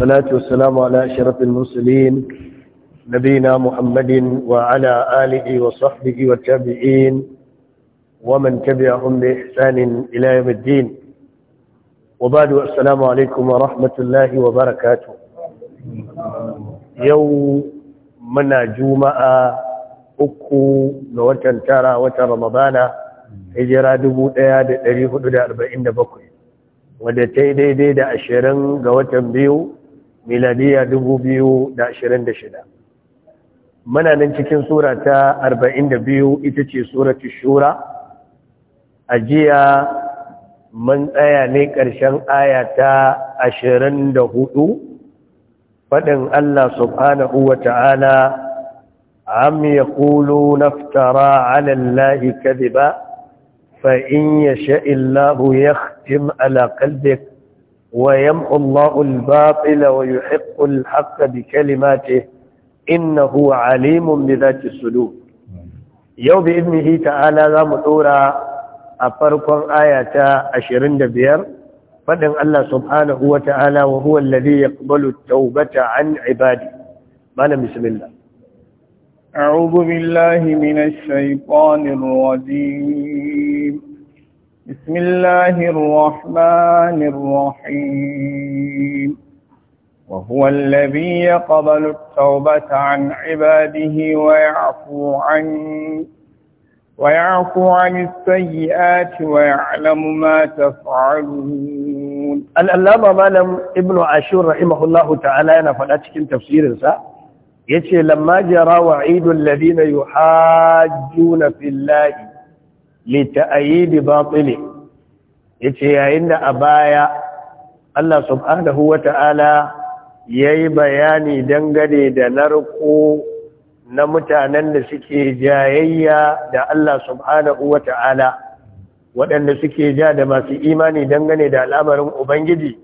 والصلاة والسلام على أشرف المرسلين نبينا محمد وعلى آله وصحبه والتابعين ومن تبعهم بإحسان إلى يوم الدين وبعد السلام عليكم ورحمة الله وبركاته يوم منا جمعة uku ga watan tara watan ramadana hijira bakwai, wadda ta yi daidai da ashirin ga watan biyu miladiya 2026 muna nan cikin sura ta 42 ita ce suratu shura a jiya mun tsaya ne ƙarshen aya ta 24 faɗin Allah subhanahu wa ta'ala am yaquluna naftara 'ala allahi kadhiba fa in yasha illahu yakhtim ala qalbika ويمحو الله الباطل ويحق الحق بكلماته إنه عليم بذات الصدور يوم بإذنه تعالى ذا مطورة أفرق آية عشرين دبير فدن الله سبحانه وتعالى وهو الذي يقبل التوبة عن عباده مانا بسم الله أعوذ بالله من الشيطان الرجيم بسم الله الرحمن الرحيم وهو الذي يقبل التوبة عن عباده ويعفو عن ويعفو عن السيئات ويعلم ما تفعلون الألامة مالم ابن عاشور رحمه الله تعالى أنا فلاتك تفسير سا يتي لما جرى وعيد الذين يحاجون في الله lita'ayidi batili yace yayin da a baya Allah subhanahu wata'ala yayi bayani dangane da narko na mutanen da suke jayayya da Allah subhanahu wata'ala waɗanda suke ja da masu imani dangane da al'amarin ubangiji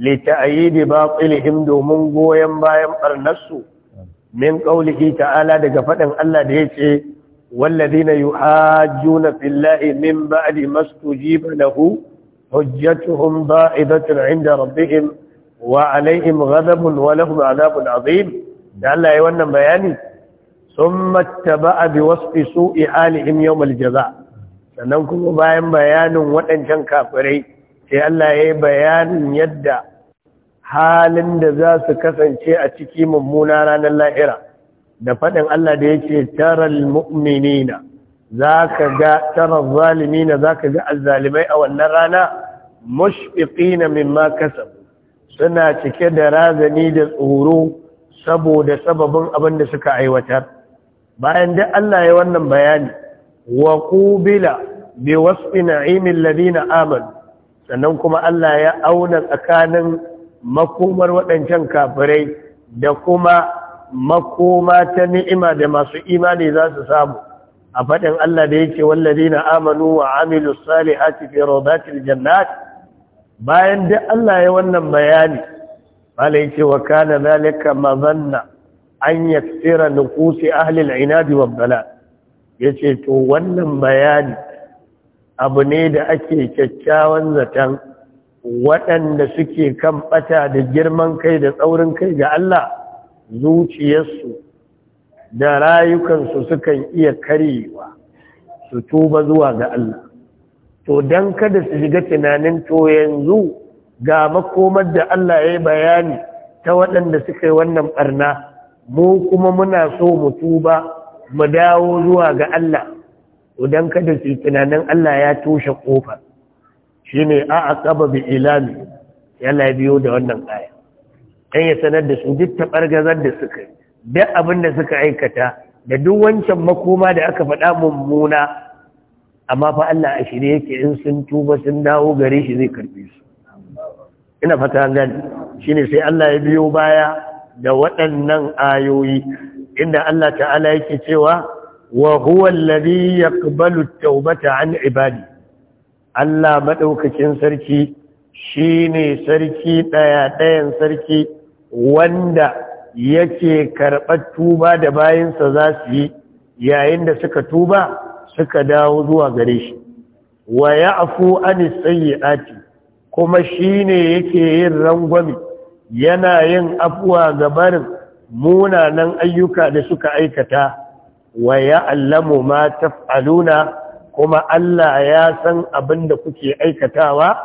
lita'ayidi batilihim domin goyen bayan barnarsu min qaulihi ta'ala daga faɗin Allah da yace والذين يحاجون في الله من بعد ما استجيب له حجتهم ضائبة عند ربهم وعليهم غضب ولهم عذاب عظيم لعل يوانا بياني ثم اتبع بوصف سوء حالهم يوم الجزاء سننكم باين بيان وأنشان كافري في الله يي بيان يدى halin da za su kasance a ciki mummuna ranar lahira da faɗin Allah da ya ce taral mu'minina za ka ga tarar zalimina za ka ga alzalimai a wannan rana mushfiqina mimma kasab suna cike da razani da tsoro saboda sababin abin da suka aiwatar bayan da Allah ya wannan bayani wa qubila bi wasfi na'imil ladina amanu sannan kuma Allah ya auna tsakanin makomar waɗancan kafirai da kuma makoma ta ni'ima da masu imani za su samu a faɗin Allah da yake na amanu wa amilu a cikin rodatil jannat bayan da Allah ya wannan bayani bala yake wa kana zalika mazanna an yaksira nuqusi ahli al-inadi bala ya yace to wannan bayani abu ne da ake kyakkyawan zaton waɗanda suke kan ɓata da girman kai da tsaurin kai ga Allah zuciyarsu da rayukansu sukan iya karyewa su tuba zuwa ga Allah to don kada su shiga tunanin to yanzu ga makomar da Allah ya yi bayani ta waɗanda suka yi wannan ɓarna mu kuma muna so mu tuba mu dawo zuwa ga Allah to don kada su yi tunanin Allah ya toshe ƙofar, shi ne a aƙaba bi ilami yana biyo da wannan ƙaya dan ya sanar da su duk taɓargazar da suka yi duk abin da suka aikata da duk wancan makoma da aka faɗa mummuna amma fa Allah a shirye yake in sun tuba sun dawo gare shi zai karbe su ina fata gani shine sai Allah ya biyo baya da waɗannan ayoyi inda Allah ta'ala yake cewa wa huwa alladhi yaqbalu at-taubata ibadi Allah madaukakin sarki shine sarki daya dayan sarki wanda yake karɓar tuba da bayansa za su yi yayin da suka tuba suka dawo zuwa gare shi wa ya afu an sayyi'ati kuma shine yake yin rangwami yana yin afuwa ga barin munanan ayyuka da suka aikata wa ya allamu ma taf'aluna kuma Allah ya san abin da kuke aikatawa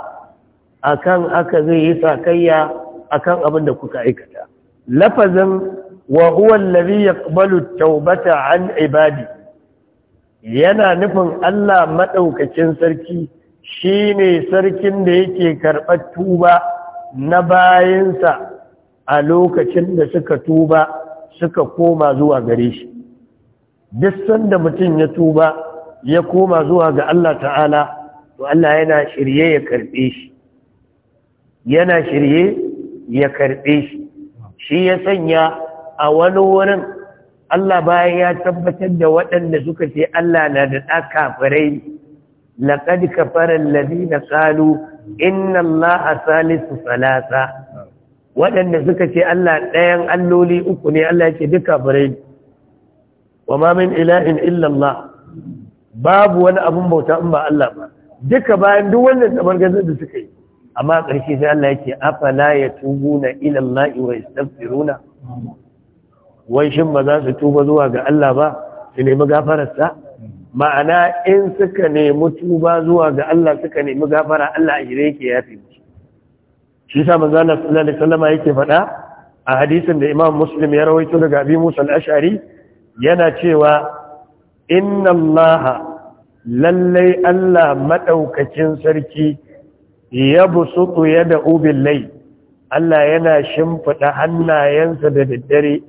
akan haka zai yi sakayya akan abin da kuka aikata lafazin wa huwa allazi yaqbalu tawbata an ibadi yana nufin Allah madaukakin sarki shine sarkin da yake karɓar tuba na bayinsa a lokacin da suka tuba suka koma zuwa gare shi duk sanda mutum ya tuba ya koma zuwa ga Allah ta'ala to Allah yana shirye ya karɓe shi yana shirye ya karɓe shi shi ya sanya a wani wurin Allah bayan ya tabbatar da waɗanda suka ce Allah na da ɗa kafirai laqad kafara alladhina qalu inna allaha salisu salasa waɗanda suka ce Allah ɗayan alloli uku ne Allah yake duk kafirai wa ma min ilahin illa Allah babu wani abun bauta in ba Allah ba duka bayan duk wannan tabargazar da suka yi amma a ƙarshe sai Allah afa afala ya tubu na la'i wa istaghfiruna wai shin ba za su tuba zuwa ga Allah ba su nemi gafararsa ma'ana in suka nemi tuba zuwa ga Allah suka nemi gafara Allah a shirye yake yafi musu shi sa manzo Allah sallallahu alaihi wasallam yake faɗa a hadisin da Imam Muslim ya rawaito daga Abi Musa al-Ash'ari yana cewa inna Allah lallai Allah madaukakin sarki ya busuku ya da ubin lai Allah yana shimfiɗa hannayensa da daddare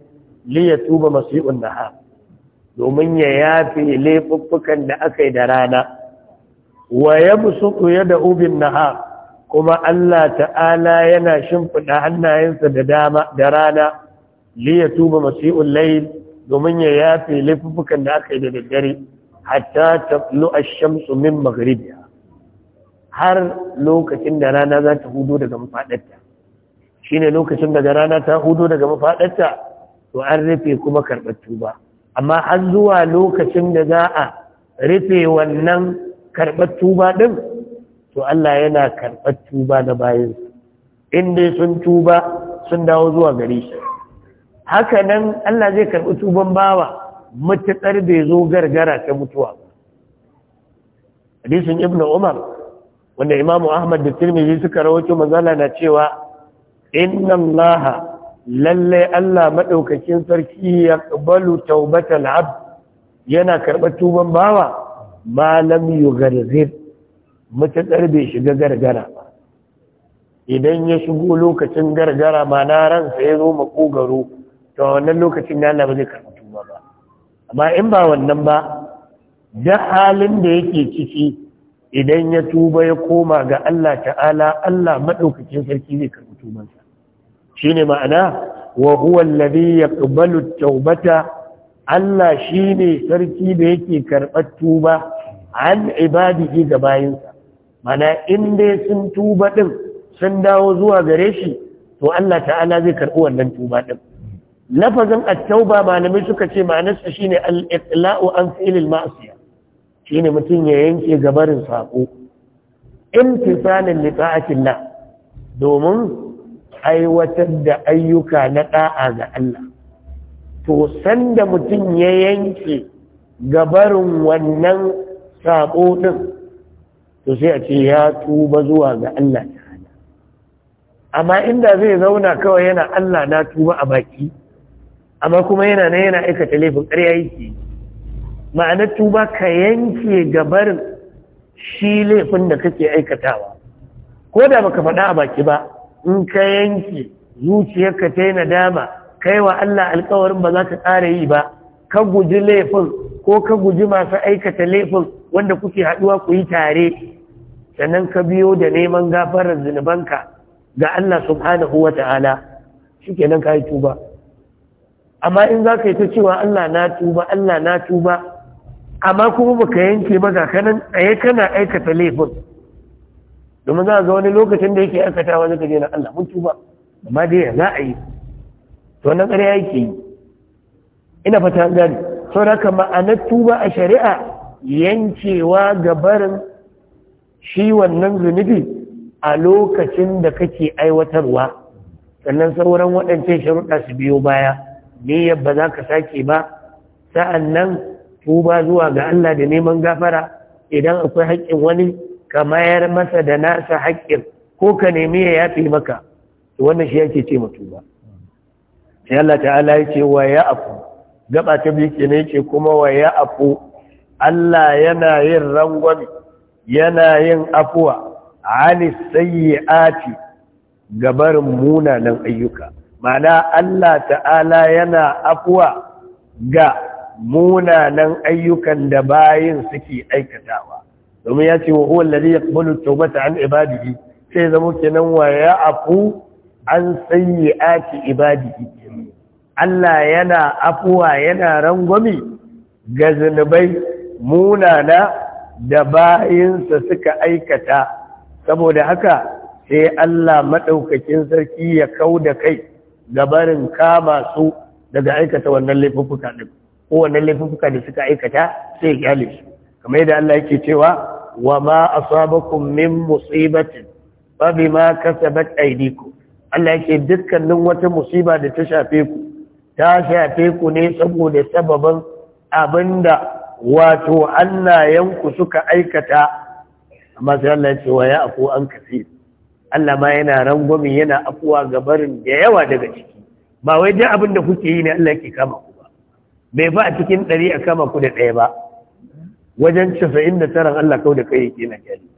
liya tuba masu'un naha domin ya yafi laifuffukan da aka yi da rana wa ya busuku ya ubin naha kuma Allah ta'ala yana shimfiɗa hannayensa da dama da rana liya tuba masu'un Lai, domin ya yafi laifuffukan da aka yi da daddare hatta ta ash-shamsu min maghribi har lokacin da rana za ta hudo daga mafaɗarta shi ne lokacin da rana ta hudu daga mafaɗarta to an rufe kuma karɓar tuba amma har zuwa lokacin da za a rufe wannan karɓar tuba ɗin to Allah yana karɓar tuba na bayansu in dai sun tuba sun dawo zuwa gari. shi haka nan Allah zai karɓi tuban bawa matuƙar bai zo gargara ta mutuwa hadisin ibnu umar wanda imamu ahmad da tirmidhi suka rawaito manzala na cewa inna allaha lalle allah madaukakin sarki ya qabalu taubatal abd yana karɓar tuban bawa malam yugarzir matuƙar bai shiga gargara idan ya shigo lokacin gargara ma na ransa sai zo makogaro a wannan lokacin ya ba zai karba tuba ba amma in ba wannan ba da halin da yake ciki idan ya tuba ya koma ga Allah ta'ala Allah madaukakin sarki zai karɓi tubansa shine ma'ana wa huwa alladhi yaqbalu at-taubata Allah shine sarki da yake karɓar tuba an ibadihi ga bayinsa mana in dai sun tuba din sun dawo zuwa gare shi to Allah ta'ala zai karɓi wannan tuba din lafazin at-tauba malamai suka ce ma'anarsa shine al-iqla'u an fi'il al-ma'siyah shine mutum ya yanke gabarin sako imtisalin a cinna, domin aiwatar da ayyuka na ɗa'a ga Allah to sanda mutum ya yanke gabarin wannan saƙo ɗin, to sai a ce ya tuba zuwa ga Allah ta'ala amma inda zai zauna kawai yana Allah na tuba a baki amma kuma yana na yana aikata laifin ƙarya yake yi Ma'ana tuba ka yanke gabar shi laifin da kake aikatawa ko da baka faɗa a baki ba in ka yanke zuciyarka ta yi nadama kai wa Allah alkawarin ba za ka ƙara yi ba ka guji laifin ko ka guji masu aikata laifin wanda kuke haɗuwa ku yi tare sannan ka biyo da neman gafarar zunubanka ga Allah subhanahu wa ta'ala shi kenan ka yi tuba amma in za ka yi ta cewa Allah na tuba Allah na tuba amma kuma baka yanke ba ga a yi kana aikata laifin domin za a ga wani lokacin da yake aikata wani kaje na Allah mun tuba amma dai ya za a yi to wannan ƙarya yake yi ina fata gani sau da ma'anar tuba a shari'a yankewa ga barin shi wannan zunubi a lokacin da kake aiwatarwa sannan sauran waɗancan sharuɗa su biyo baya niyyar ba za ka sake ba sa'an nan tuba zuwa ga Allah da neman gafara idan akwai haƙƙin wani ka mayar masa da nasa haƙƙin ko ka nemi ya yafi maka wannan shi yake ce mutu ba sai Allah ta'ala ya ce wa ya afu gaba ta ke ne yake kuma wa ya afu Allah yana yin rangwami yana yin afuwa ani sayyi'ati Gabar munanan ayyuka ma'ana Allah ta'ala yana afuwa ga munanan ayyukan da bayin suke aikatawa domin ya ce wa huwa kuma yaqbalu mata an ibadihi sai zama kenan wa ya afu an sayyi'ati ibadihi Allah yana afuwa yana rangwami ga zunubai munana da bayinsa suka aikata saboda haka sai Allah maɗaukakin sarki ya kau da kai gabarin kama su daga aikata wannan laifuffuka ɗin. ko laifuka da suka aikata sai ya su kamar yadda Allah yake cewa wa ma asabakum min musibatin fa bima kasabat aydikum Allah yake dukkanin wata musiba da ta shafe ku ta shafe ku ne saboda sababan abinda wato yanku suka aikata amma sai Allah ya ce wa ya afu an kasi Allah ma yana rangwami yana afuwa ga barin da yawa daga ciki ba wai duk abin da kuke yi ne Allah yake kama ku bai ba a cikin ɗari a kama ku da ɗaya ba wajen casa'in da taron Allah kau da kai yake na kyali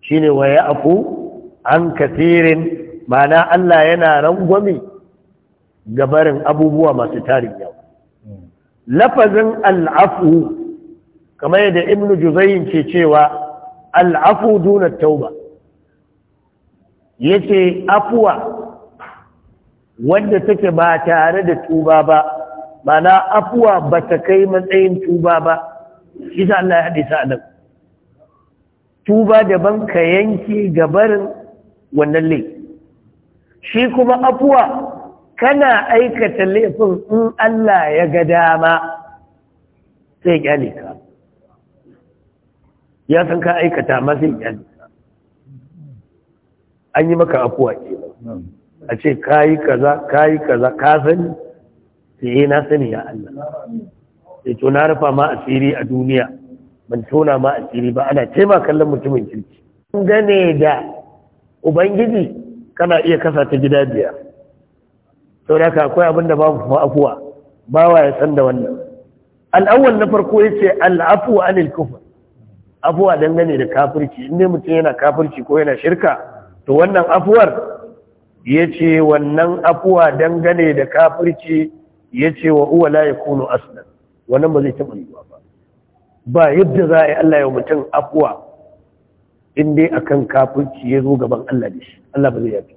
shi ne wa ya afu an kasirin mana Allah yana rangwami gabarin abubuwa masu tarin yau lafazin al'afu kamar yadda ibnu juzayin ke cewa al'afu duna tauba yace afuwa wanda take ba tare da tuba ba Mana afuwa ba ta kai matsayin tuba ba shi sa Allah ya hadisa nan tuba daban ka yanke gabarin wannan le. shi kuma afuwa kana aikata laifin in Allah ya ga dama sai kyale ka ya san ka aikata ma sai kyale ka an yi maka afuwa ke a ce kayi kaza kayi kaza ka sani sai eh, na sani ya Allah sai to na rufa ma asiri a duniya ban tona ma asiri ba ana taima kallon mutumin kirki gane da ubangiji kana iya kasa ta gida biya. sau da akwai abinda babu kuma afuwa bawa ya san wannan al'awwal na farko ya ce al'afu anil kufur afuwa dangane da kafirci inda mutum yana kafirci ko yana shirka to wannan afuwar ya ce wannan afuwa dangane da kafirci yace wa uwa la kuno aslan wannan ba zai taba yi ba ba yadda za a yi Allah ya mutum afuwa in dai akan kafinci ya zo gaban Allah da shi Allah ba zai yafi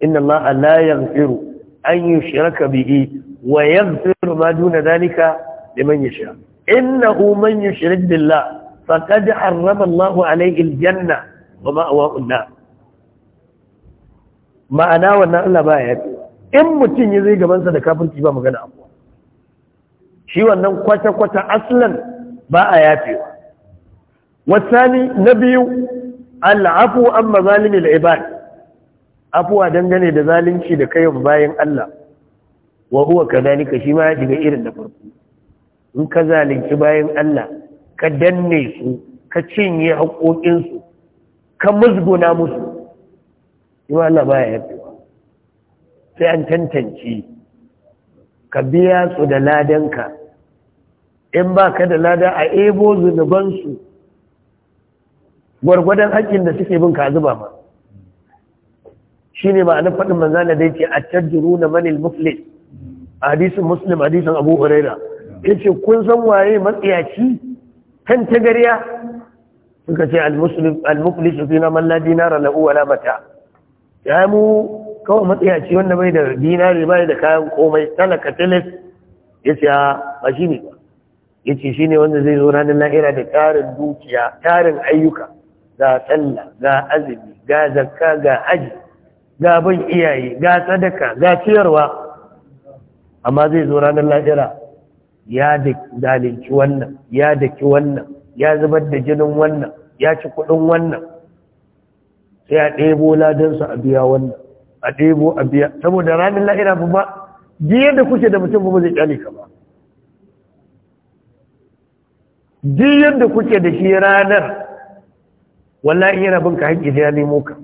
inna a layan yaghfiru an shiraka bihi wa firu ma duna zalika liman Inna innahu man yushrik billah faqad harrama lahu alaihi aljanna wa ma'wahu an-nar ma'ana wannan Allah ba ya yafi in mutum ya zai gabansa da kafirci ba magana kuwa. shi wannan kwata-kwata aslan ba a yafewa wasani na biyu Allah, afu an mazalimi afu afuwa dangane da zalunci da kayan bayan Allah wa huwa ka shi ma ya shiga irin da farko in ka zalunci bayan Allah ka danne su ka cinye haƙoƙinsu ka musguna musu yi ma Allah baya yafewa sai an tantance ka biya su da ladanka in ba ka da lada a ebo zunubansu gwargwadon haƙƙin da suke bin ka zuba ma shi ne ma'anar faɗin manzana da yake a tajiru na manil muflis a hadisun muslim hadisun abu huraira ya ce kun san waye matsiyaci kan tagariya suka ce al-muflis fi na malladi na rala'u mata ya mu kawai matsayaci wanda bai da dinari bai da kayan komai talaka tilis ya ce ah, ba shi ne ya ce shi ne wanda zai zo ranar lahira da tarin dukiya tarin ayyuka ga tsalla ga azumi ga zakka ga aji ga bin iyaye ga sadaka ga ciyarwa amma zai zo ranar lahira ya dalinci wannan ya daki wannan ya zubar da jinin wannan ya ci kuɗin wannan sai a ɗebo ladansu a biya wannan a ɗebo a biya saboda ranar lahira ba ba ji yadda kuke da mutum ba zai kyale ka ba ji yadda kuke da shi ranar wallahi yana bin ka haƙƙi ya nemo ka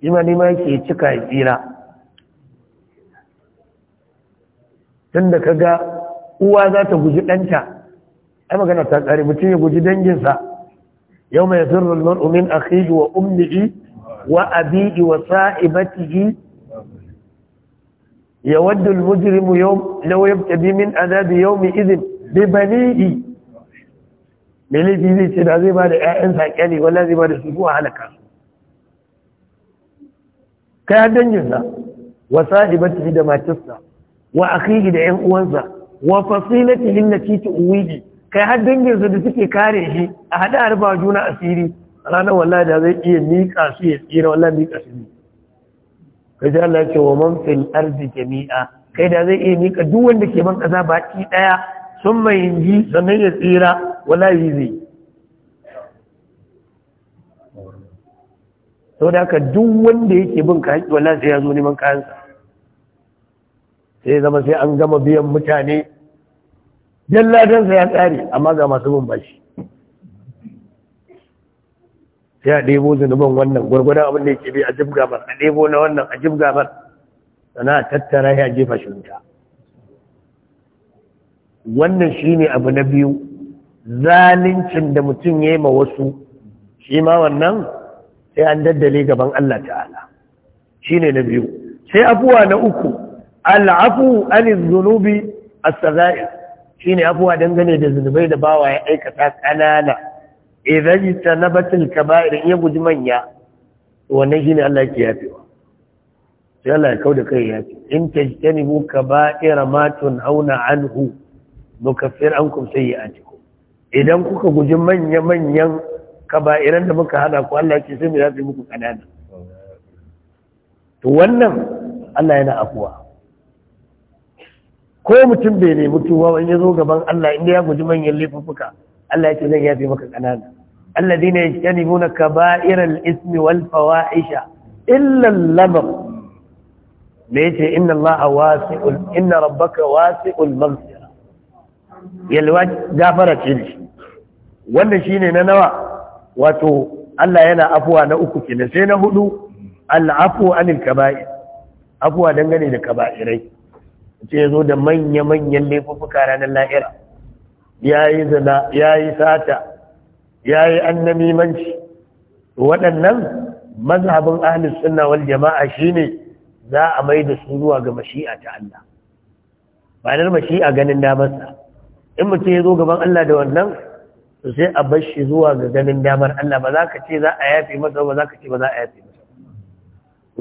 ima nema yake cika ya tsira tun da ka ga uwa za ta guji ɗanta ai magana ta tsari mutum ya guji danginsa yau mai zurrul mar'umin akhihi wa umni'i wa abidi wa sa'ibatihi yawaddu al-mujrimu yawm law yabtadi min adhabi yawmi idhin bi banihi mele zai ce da zai ba da 'ya'yansa kyale wala zai ba da su zuwa halaka kayan danginsa wa sa'ibatihi da matarsa wa akhihi da 'yan uwansa wa fasilatihi allati tu'wihi kai har danginsa da suke kare shi a hada arba juna asiri ranar wallahi da zai iya miƙa su ya tsira wallahi miƙa su ne kai sai Allah ya ce wa man fil ardi jami'a kai da zai iya miƙa duk wanda ke ban kaza baki daya sun mai inji sannan ya tsira wallahi zai sau da haka duk wanda yake bin ka haƙi wallahi sai ya zo neman kayansa sai zama sai an gama biyan mutane jalladansa ya tsare amma ga masu bin bashi ya ɗebo zunuban wannan gwargwadon abin da yake bi a jibga bar a ɗebo na wannan a jibga bar sana a tattara ya jefa shi wuta wannan ne abu na biyu zalincin da mutum ya yi ma wasu shi ma wannan sai an daddale gaban Allah ta'ala Shi ne na biyu sai afuwa na uku al'afu anil zunubi as shi ne afuwa dangane da zunubai da bawa ya aikata kanana idan tanabatil kaba'ir ya guji manya wannan ne Allah yake yafewa sai Allah ya kauda kai ya ce in tajtanibu kaba'ir ma hauna anhu nukaffir ankum sayyi'atikum idan kuka guji manya manyan kaba'iran da muka hada ku Allah yake sai mu yafe muku kanana to wannan Allah yana afuwa ko mutum bai nemi tuwa wani ya zo gaban Allah inda ya guji manyan laifuffuka, Allah ya ce zai yafe maka kanana alladhina yajtanibuna kaba'iral ismi wal fawahisha illa al-lamam da ya ce inna allaha wasi'ul inna rabbaka wasi'ul ne wannan shine na nawa wato Allah yana afuwa na uku kenan sai na hudu al'afu anil kaba'ir afuwa dangane da kaba'irai sai yazo da manya manyan laifuka ranar la'ira yayi zina yayi sata ya yi annamimanci waɗannan mazhabin ahlus suna wal jama'a shine za a mai da su zuwa ga mashi'a ta Allah Banar mashi'a ganin damarsa in mutum ya zo gaban Allah da wannan su sai a bar shi zuwa ga ganin damar Allah ba za ka ce za a yafe masa ba za ka ce ba za a yafe masa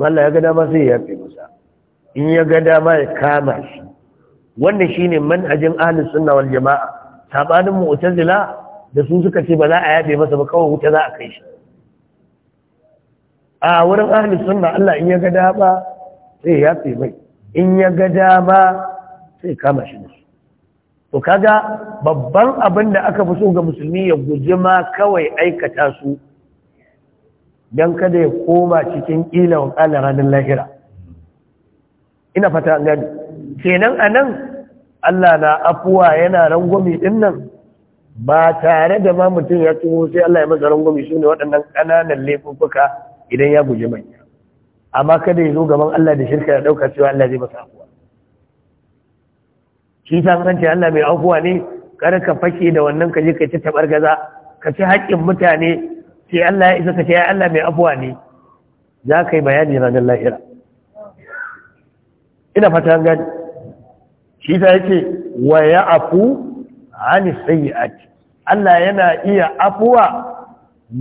Allah ya ga dama sai ya yafe masa in ya ga dama ya kama shi wannan shine manhajin ahlus suna wal jama'a sabanin mu'tazila da su suka ce ba za a yabe masa ba kawai wuta za a kai shi a wurin ahli sunna Allah in ya ga dama sai ya yafe mai in ya ga dama sai kama shi ne. to kaga babban abin da aka fi so ga musulmi ya guji ma kawai aikata su don kada ya koma cikin ƙila wa ƙala ranar lahira ina fata gani kenan anan allah na afuwa yana rangwami dinnan. ba tare da ma mutum ya tuho sai Allah ya masa rangwame su ne waɗannan ƙananan laifuka-laifuka idan ya guji manya amma kada ya zo gaban Allah da shirka ya ɗauka cewa Allah zai masa afuwa shi ta an ce Allah mai afuwa ne kada ka fake da wannan ka je ka ci tabar gaza ka ci haƙƙin mutane sai Allah ya isa ka ce ya Allah mai afuwa ne za ka yi bayani ranar lahira ina fata gani shi ta yake wa ya afu ani sayyi'ati Allah yana iya afuwa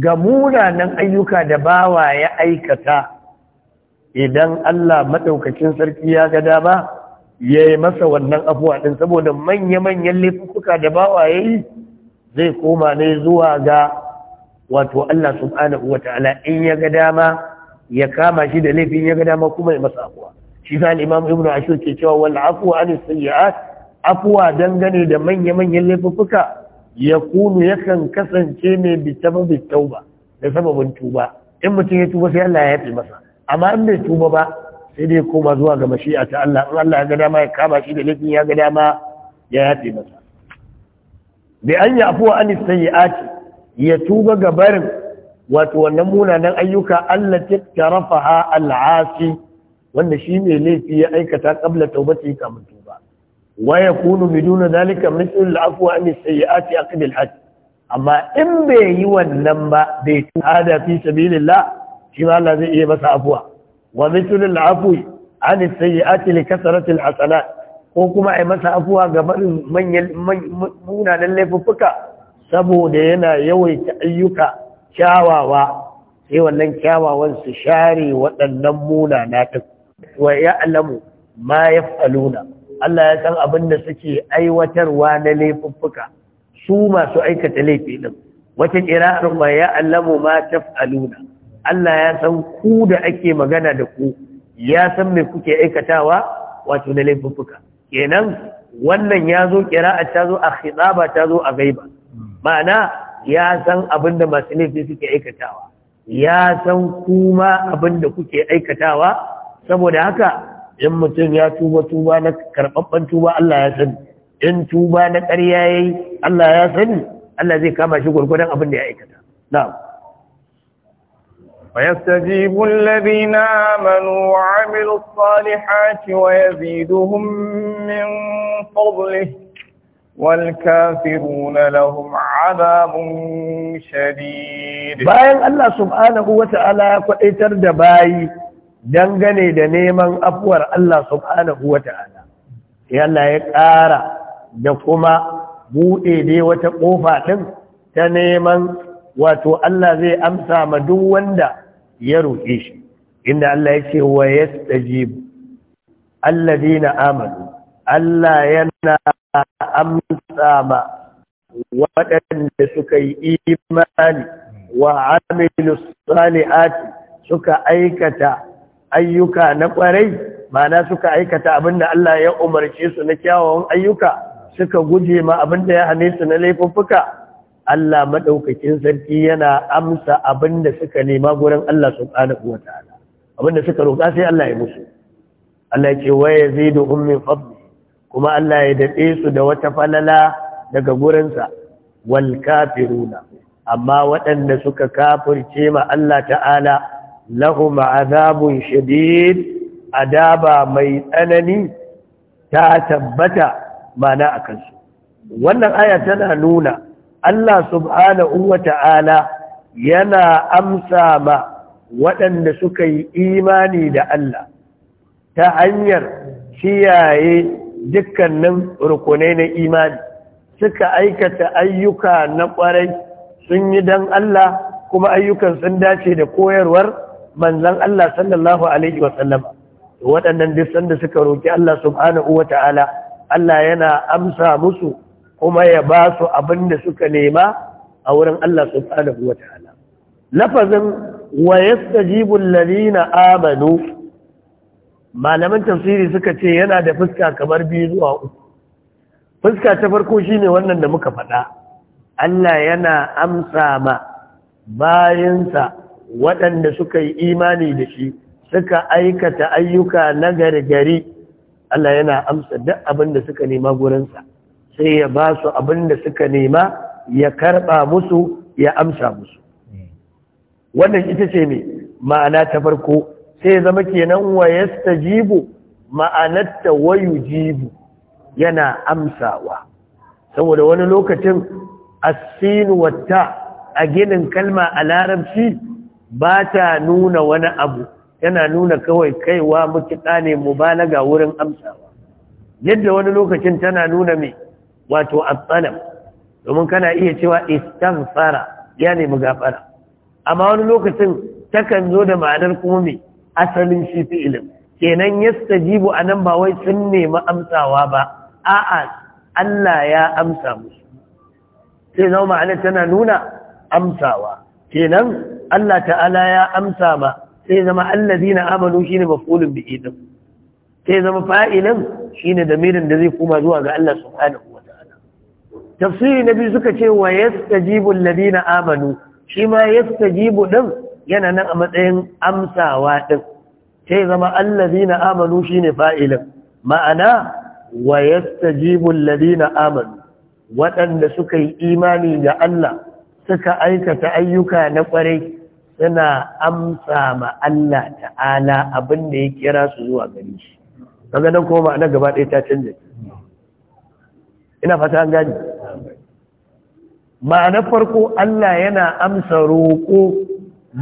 ga munanan ayyuka da bawa ya aikata idan Allah madaukakin sarki ya ga dama yayi masa wannan afuwa din saboda manya-manyan laifuka da bawa yayi zai koma ne zuwa ga wato Allah subhanahu wataala in ya ga dama ya kama shi da laifin ya ga dama kuma ya masa afuwa shi sa al-imam ibnu ashur ke cewa wal afwa anis sayyi'at afuwa dangane da manya-manyan laifuka, ya kunu yakan kasance ne bi sababi tauba da sababin tuba in mutum ya tuba sai Allah ya yafe masa amma in bai tuba ba sai dai koma zuwa ga mashi'a ta Allah in Allah ya ga dama ya kama shi da laifin ya ga dama ya yafe masa bi an afuwa an sayyi'ati ya tuba ga barin wato wannan munanan ayyuka Allah ta tarafaha al'asi wanda shi ne laifi ya aikata qabla taubati kamun ويكون بدون ذلك مثل العفو عن السيئات عقب الحج amma in bai yi wannan ba bai hada fi sabilillah shi ma Allah zai iya masa afuwa wa mithlul afwi an sayyi'ati li kasrati alhasanat ko kuma ai masa afuwa ga manyan munanan laifuffuka saboda yana yawaita ayyuka kyawawa sai wannan kyawawan su share waɗannan munana ta wa ya'lamu ma yaf'aluna Allah ya san abin da suke aiwatarwa na laifuffuka su masu aikata laifi din wata ƙira'ar ma ya allamu ma taf'aluna Allah ya san ku da ake magana da ku ya san me kuke aikatawa wato na laifuffuka kenan wannan ya zo ƙira'a ta zo a khitaba ta a gaiba ma'ana ya san abin da masu laifi suke aikatawa ya san kuma abin da kuke aikatawa saboda haka in mutum ya tuba tuba na karɓaɓɓen tuba Allah ya sani in tuba na ƙarya ya yi Allah ya sani Allah zai kama shi gwargwadon abin da ya aikata na'am ويستجيب الذين آمنوا وعملوا الصالحات ويزيدهم من فضله والكافرون لهم عذاب شديد باين الله سبحانه وتعالى قدر دباي dangane da neman afuwar Allah subhanahu wa ta'ala yana ya ƙara da kuma buɗe dai wata ƙofa ɗin ta neman wato Allah zai amsa ma duk wanda ya roƙe shi inda Allah ya ce wa ya Allah dina amanu Allah yana amsa ma waɗanda suka yi imani wa amilu salihati suka aikata ayyuka na kwarai mana suka aikata abin da Allah ya umarce su na kyawawan ayyuka suka guje ma abin da ya hane su na laifuffuka Allah madaukakin sarki yana amsa abin da suka nema gurin Allah subhanahu wataala abin da suka roƙa sai Allah ya musu Allah ya ce wa yaziduhum min fadli kuma Allah ya dade su da wata falala daga gurinsa wal kafiruna amma waɗanda suka kafirce ma Allah ta'ala lahum azabun shadid adaba mai tsanani ta tabbata mana a kansu wannan aya tana nuna Allah subhanahu wata'ala yana amsa ma waɗanda suka yi imani da Allah ta hanyar kiyaye dukkanin rukunai na imani suka aikata ayyuka na ƙwarai sun yi don Allah kuma ayyukan sun dace da koyarwar manzan Allah sallallahu alaihi wa waɗannan duk sanda suka roƙi Allah subhanahu wa ta'ala Allah yana amsa musu kuma ya ba su abin da suka nema a wurin Allah subhanahu wa ta'ala lafazin wa yastajibu alladhina amanu malaman tafsiri suka ce yana da fuska kamar biyu zuwa uku fuska ta farko shi ne wannan da muka faɗa Allah yana amsa ma bayansa waɗanda suka yi imani da shi suka aikata ayyuka na gargari Allah yana amsa duk abin da suka nema gurinsa sai ya ba su abin da suka nema ya karɓa musu ya amsa musu wannan ita ce mai ma'ana ta farko sai zama kenan wa jibu ma'anatta wayu jibu yana amsawa saboda wani lokacin asinu wata a ginin kalma a larabci ba ta nuna wani abu yana nuna kawai kaiwa mutuƙa ne mubalaga wurin amsawa yadda wani lokacin tana nuna mai wato atsalam domin kana iya cewa istaghfara ya nemi gafara amma wani lokacin takan zo da ma'anar kuma mai asalin shi fi'ilin kenan yastajibu anan ba wai sun nemi amsawa ba a'a Allah ya amsa musu sai zama ma'anar tana nuna amsawa kenan Allah ta'ala ya amsa ma sai zama allazina amanu shine maf'ulun bihi din sai zama fa'ilin shine damirin da zai koma zuwa ga Allah subhanahu wataala tafsiri na biyu suka ce wa yastajibu allazina amanu shi ma yastajibu din yana nan a matsayin amsawa din sai zama allazina amanu shine fa'ilin ma'ana wa yastajibu allazina amanu waɗanda suka yi imani ga Allah suka aikata ayyuka na kwarai suna amsa ma Allah ta'ala abin da ya kira su zuwa gari shi kaga nan kuma ma'ana gaba ɗaya ta canza ina fata an gani ma'ana farko Allah yana amsa roƙo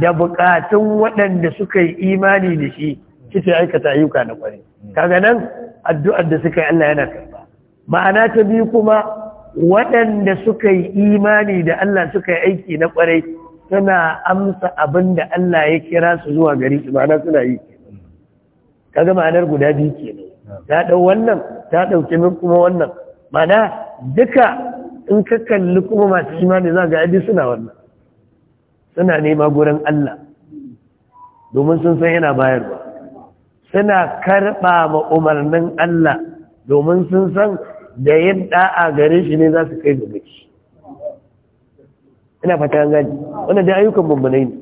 da buƙatun waɗanda suka yi imani da shi suke aikata ayyuka na kwarai kaga nan addu'ar da suka yi Allah yana karɓa. ma'ana ta biyu kuma waɗanda suka yi imani da Allah suka yi aiki na ƙwarai suna amsa abin da Allah ya kira su zuwa gari ma'ana suna yi ga ma'anar guda biyu kenan ta ɗau wannan ta ɗauke min kuma wannan ma'ana duka in ka kalli kuma masu imani za ga adi suna wannan suna nema gurin Allah domin sun san yana bayarwa suna karɓa ma umarnin Allah domin sun san da yin da'a gare shi ne za su kai gaba ki ina fata gani wannan dai ayyukan bambanai ne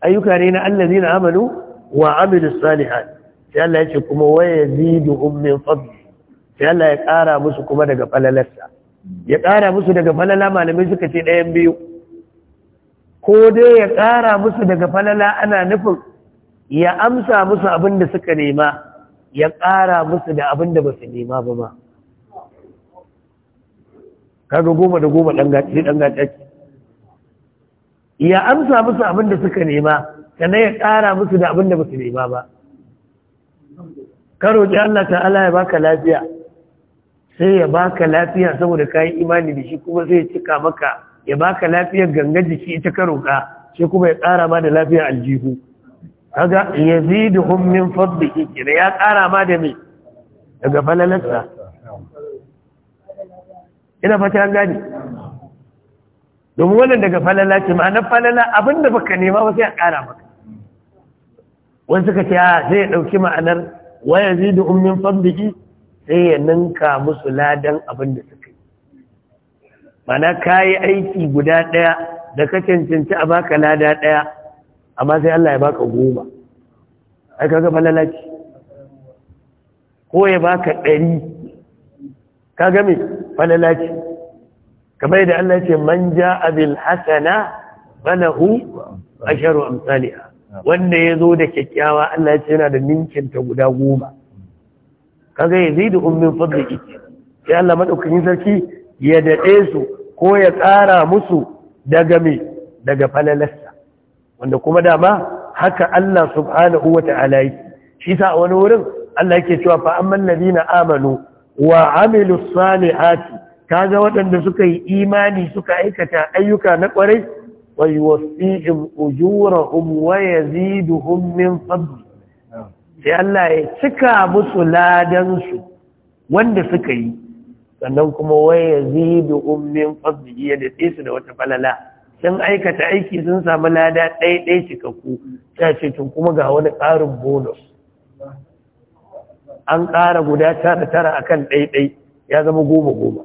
ayyuka ne na zina amalu, wa amilus salihat sai Allah ya ce kuma waya zidu min fadli sai Allah ya kara musu kuma daga falalarsa ya kara musu daga falala malamai suka ce ɗayan biyu ko dai ya kara musu daga falala ana nufin ya amsa musu abin da suka nema ya kara musu da abin da ba su nema ba ma kaga goma da goma ɗan gaci ya amsa musu abin da suka nema sannan ya ƙara musu da abin da ba nema ba Karo ji Allah ta'ala ya baka lafiya sai ya baka lafiya saboda kayi imani da shi kuma sai cika maka ya baka lafiyar ganga jiki ita karo ka sai kuma ya ƙara ma da lafiyar aljihu kaga yaziduhum min fadlihi ya ƙara ma da me daga falalarsa ina fata an gane domin wannan daga falala ce ma'ana falala abinda baka nema ba sai a ƙara maka wani suka ce sai ya ɗauki ma'anar waya zai da ummin fambiki sai ya ninka musu ladan abin da suka yi ma'ana ka yi aiki guda ɗaya da ka cancanci a baka lada ɗaya amma sai Allah ya baka goma ai kaga Falala ce. ko ya baka ɗari kaga me falala ce kamar yadda Allah ce man ja'a bil hasana falahu asharu amsalha wanda ya zo da kyakkyawa Allah ce yana da ninkin ta guda goma kaga yazidu ummin fadlihi sai Allah madaukakin sarki ya dade su ko ya ƙara musu daga me daga falalarsa wanda kuma dama haka Allah subhanahu wata'ala yi shi sa a wani wurin Allah yake cewa fa amman ladina amanu wa amilu salihati kaga waɗanda suka yi imani suka aikata ayyuka na ƙwarai wa yuwaffihim ujurahum wa yaziduhum min fadli sai Allah ya cika musu ladan su wanda suka yi sannan kuma wa yaziduhum min fadli ya dace su da wata falala sun aikata aiki sun samu lada ɗaya ɗaya cikakku sai ce tun kuma ga wani ƙarin bonus an ƙara guda tara tara akan ɗaiɗai ya zama goma goma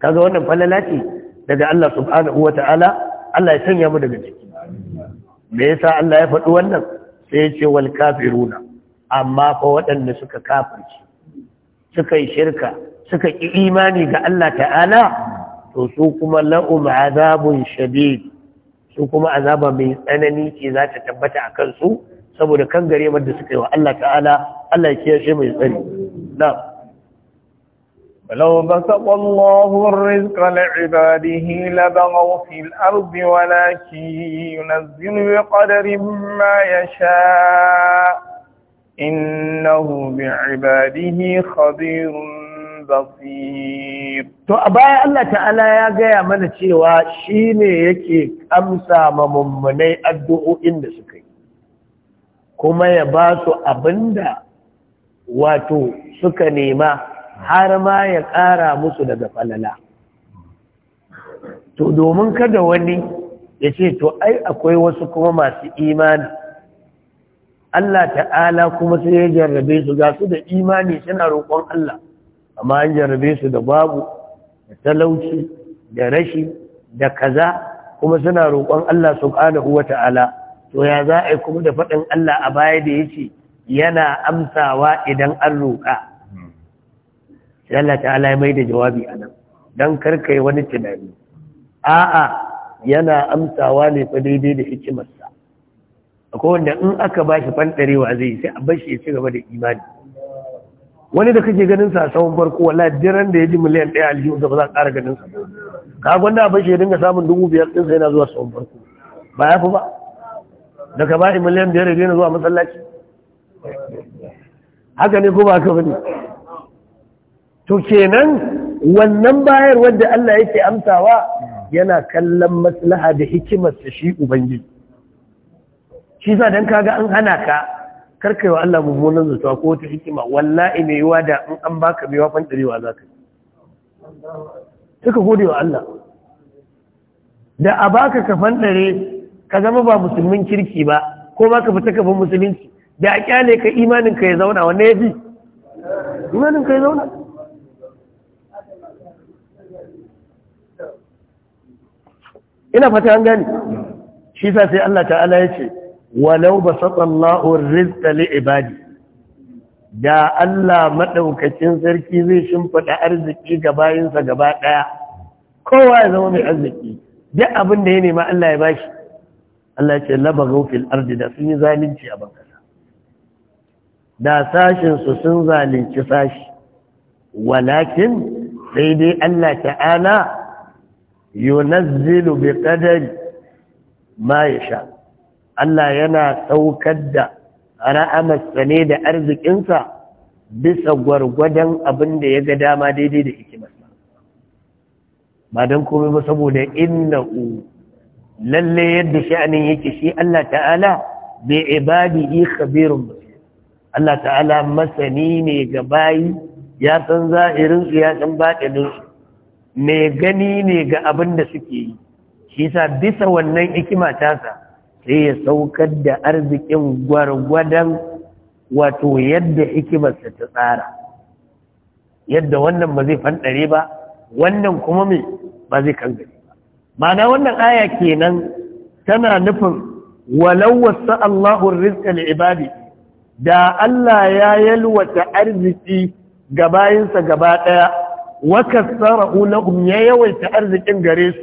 ga wannan falala ce daga Allah subhanahu wa ta'ala Allah ya sanya mu daga ciki me yasa Allah ya faɗi wannan sai ya ce wal kafiruna amma fa waɗanda suka kafirci suka yi shirka suka ƙi imani ga Allah ta'ala to su kuma la'um azabun shadid su kuma azaba mai tsanani ce za ta tabbata a kansu saboda kan gare da suka yi wa Allah ta'ala Allah ya kiyashe mai tsari na'am balawun basaɓa allahun rizka la'ibadihi labarau fil arzi walaki yunazzinu ya ƙadarin ma ya sha innahu bi ibadihi khabirun basir to a baya Allah ta'ala ya gaya mana cewa shi ne yake amsa ma mummunai addu'o'in da su kuma ya ba su abinda wato suka nema har ma ya ƙara musu daga falala to domin kada wani ya ce to ai akwai wasu kuma masu imani Allah ta'ala kuma sai ya jarrabe su ga su da imani suna roƙon Allah amma an jarrabe su da babu da talauci da rashi da kaza kuma suna roƙon Allah Su subhanahu ta'ala. to ya za a yi kuma da faɗin Allah a baya da ya ce yana amsawa idan an roƙa sai Allah ta'ala ya mai da jawabi a nan don karkai wani tunani a'a yana amsawa ne fa daidai da hikimarsa akwai wanda in aka ba shi fanɗarewa zai sai a bashi ya ci gaba da imani wani da kake ganin sa tsawon farko wala diran da ya ji miliyan ɗaya aljihun da ba za a ƙara ganin sa ka gwanda a bashi ya dinga samun dubu biyar ɗin sai yana zuwa tsawon farko ba ya fi ba daga ba'i miliyan biyar da yana zuwa masallaci haka ne ko ba ka wani to kenan wannan bayar wanda Allah yake amsawa yana kallon maslaha da hikimar sa shi ubangiji shi sa dan kaga an hana ka karkaiwa Allah mummunan zuwa ko wata hikima wallahi mai yiwa da in an baka mai wafan darewa ka suka gode wa Allah da a baka ka dare ka zama ba musulmin kirki ba ko ba ka fita ka bin musulunci da a kyale ka imanin ka ya zauna wanne ya fi imanin ya zauna ina fata an gani shi sa sai Allah ta'ala ya ce walau ba satsallahu rizqa li ibadi da Allah maɗaukacin sarki zai shimfida arziki ga bayinsa gaba ɗaya kowa ya zama mai arziki duk abin da ya nema Allah ya bashi Allah ce labagau fil ardi da sun yi zalunci a bankasa da sashin su sun zalunci sashi walakin sai dai Allah ta'ala yunazzilu bi qadari ma yasha Allah yana saukar da ra'amarsa ne da arzikinsa bisa gwargwadon abin da ya ga dama daidai da hikimarsa ba don komai ba saboda innahu lalle yadda sha'anin yake shi Allah ta'ala ibadi yi khabirun Allah ta'ala masani ne ga bayi ya san zahirin su ya san mai gani ne ga abin da suke yi shi sa bisa wannan hikima tasa sai ya saukar da arzikin gwargwadon wato yadda hikimarsa ta tsara yadda wannan ba zai fanɗare ba wannan kuma mai ba zai kangare ma'ana wannan aya kenan tana nufin walau wasa Allahu rizqa ibadi da Allah ya yalwata arziki ga bayansa gaba daya wa kassarahu lahum ya yawaita arzikin gare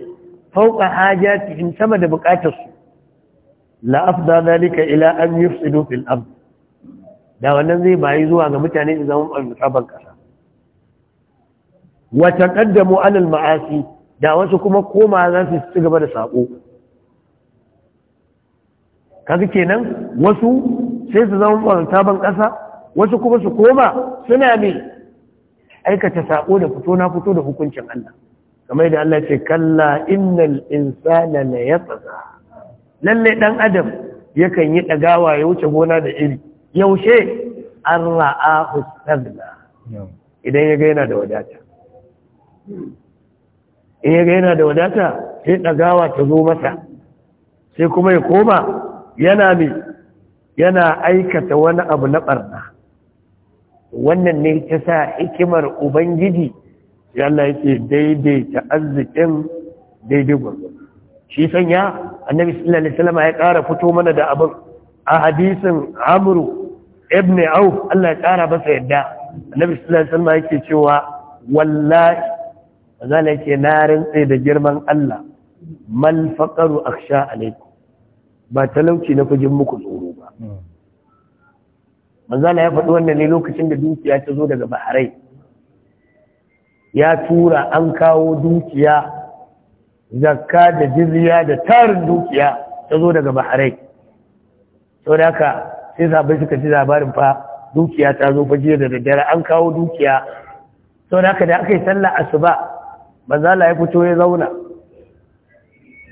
su hajati in sama da bukatar su la afda dalika ila an yufsidu fil ard da wannan zai bayi zuwa ga mutane da zaman al-musaban wa taqaddamu ala al-ma'asi da wasu kuma koma za su ci gaba da sako kaga kenan wasu sai su zama maranta ban ƙasa wasu kuma su koma suna ne aikata sako da fito na fito da hukuncin Allah kamar da Allah ce kalla innal insana la yatsa lalle dan adam yakan yi dagawa ya wuce gona da iri yaushe an ra'ahu stagna idan ya ga yana da wadata in ga yana da wadata sai ɗagawa ta zo masa sai kuma ya koma yana mai yana aikata wani abu na ɓarna wannan ne ta sa hikimar ubangiji ya Allah yake daidaita arzikin daidai gwargwado shi sanya annabi sallallahu alaihi wasallam ya ƙara fito mana da abin a hadisin amru ibn auf Allah ya ƙara masa yadda annabi sallallahu alaihi wasallam yake cewa wallahi zala yake na rantse da girman Allah mal faqaru akhsha alaikum ba talauci na fujin muku tsoro ba manzala ya faɗi wannan ne lokacin da dukiya ta zo daga baharai ya tura an kawo dukiya zakka da jirya da tarin dukiya ta zo daga baharai sau da haka sai zaɓe suka ci labarin fa dukiya ta zo fa jiya da daddare an kawo dukiya sau da haka da aka yi sallah asuba manzala ya fito ya zauna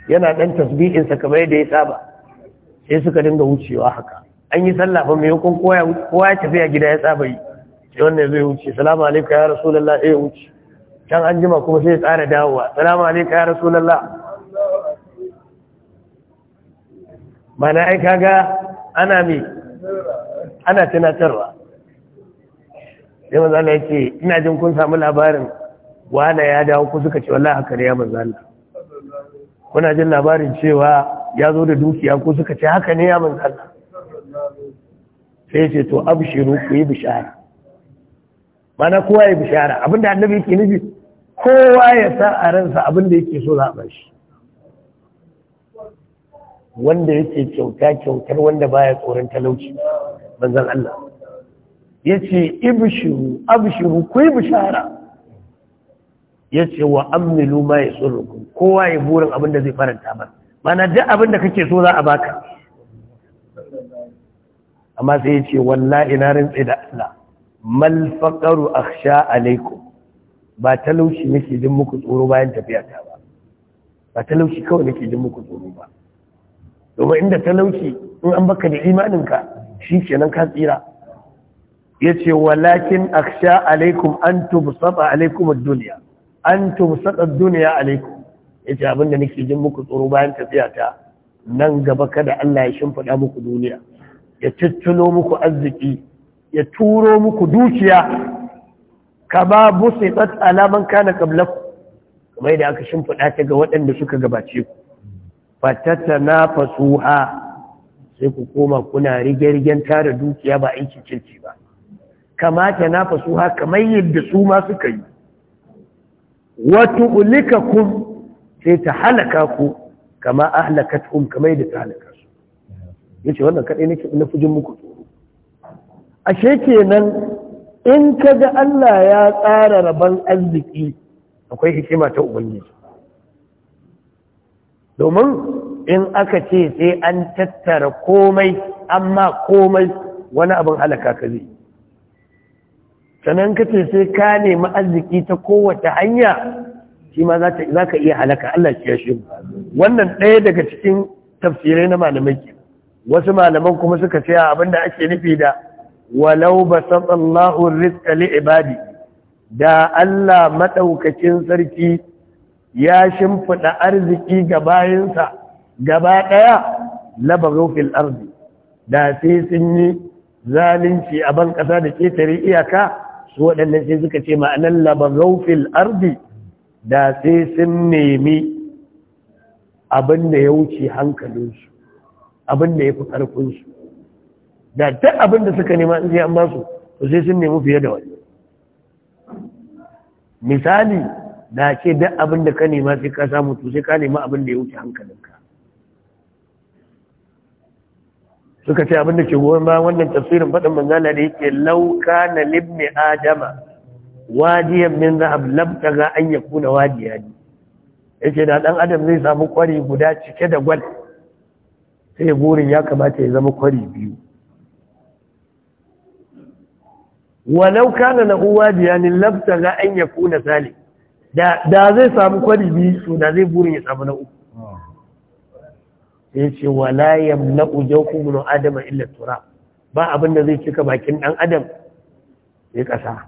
yana ɗan tasbihinsa kamar yadda ya saba sai suka dinga wucewa haka an yi sallah fa mai hukun kowa ya tafiya gida ya saba yi sai wannan zai wuce salamu alaikum ya rasulullah sai ya wuce can an jima kuma sai ya tsara dawowa salamu alaikum ya rasulullah mana ai kaga ana me ana tunatarwa sai manzala ya ce ina jin kun samu labarin wane ya dawo ku suka ce wallahi haka ne ya manzo Allah kuna jin labarin cewa ya zo da dukiya ko suka ce haka ne ya manzo Allah sai ce to abshiru ku yi bishara mana kowa ya bishara abinda annabi yake nufi kowa ya sa a ransa abinda yake so za a bashi wanda yake kyauta kyautar wanda baya tsoron talauci manzon Allah yace ibshiru abshiru ku yi bishara ya ce wa ammilu ma ya tsurruku kowa ya burin abin da zai faranta ba mana duk abin da kake so za a baka amma sai ya ce wallahi na rintse da Allah mal faqaru akhsha alaikum ba talauci nake jin muku tsoro bayan tafiya ta ba ba talauci kawai nake jin muku tsoro ba domin inda talauci in an baka da imaninka shi shikenan ka tsira ya ce walakin akhsha alaikum an tubsata alaikum ad-dunya an tumsada duniya alaikum abin abinda nake jin muku tsoro bayan tafiya ta nan gaba kada Allah ya shimfida muku duniya ya tuttuno muku arziki ya turo muku dukiya kama busitat alaman kana qablakum kamar da aka shimfida ta ga waɗanda suka gabace ku fatata na ha. sai ku koma kuna rige-rigen tara dukiya ba aikin kirki ba kamata na ha kamar yadda su ma suka yi wata ulika kun sai ta halaka ku kama ahlakat kun kamar yadda ta halaka su ya ce wannan kaɗai nake na fujin muku tsoro ashe kenan in ka ga Allah ya tsara rabon arziki akwai hikima ta ubangiji domin in aka ce sai an tattara komai amma komai wani abin halaka ka zai sannan ka ce sai ka nemi arziki ta kowace hanya shi ma za ka iya halaka Allah ya shi wannan ɗaya daga cikin tafsirai na malamai ke wasu malaman kuma suka ce abinda ake nufi da walau basatallahu rizqa li ibadi da Allah madaukakin sarki ya shimfida arziki ga bayinsa gaba daya labaghu fil ardi da sai sun yi zalunci a ban ƙasa da ƙetare iyaka su waɗannan sai suka ce ma'anan labarau fil ardi da sai sun nemi abin da ya wuce hankalinsu abin da ya fi ƙarfinsu da ta abin da suka nema in sai an basu to sai sun nemi fiye da wani misali da ce da abin da ka nema sai ka samu to sai ka nema abin da ya wuce hankalinka suka ce abinda ke goyon ba wannan tafsirin faɗin manzala da yake lauka na libni adama wajiyan min zahab labta ga an yaku na wajiya ne yake da ɗan adam zai samu kwari guda cike da gwal sai burin ya kamata ya zama kwari biyu walau kana na uwa ne labta ga an yaku na sale da zai samu kwari biyu su da zai burin ya samu na uku ya ce wala yamna'u jawfun adama illa turab ba abin da zai cika bakin dan adam sai kasa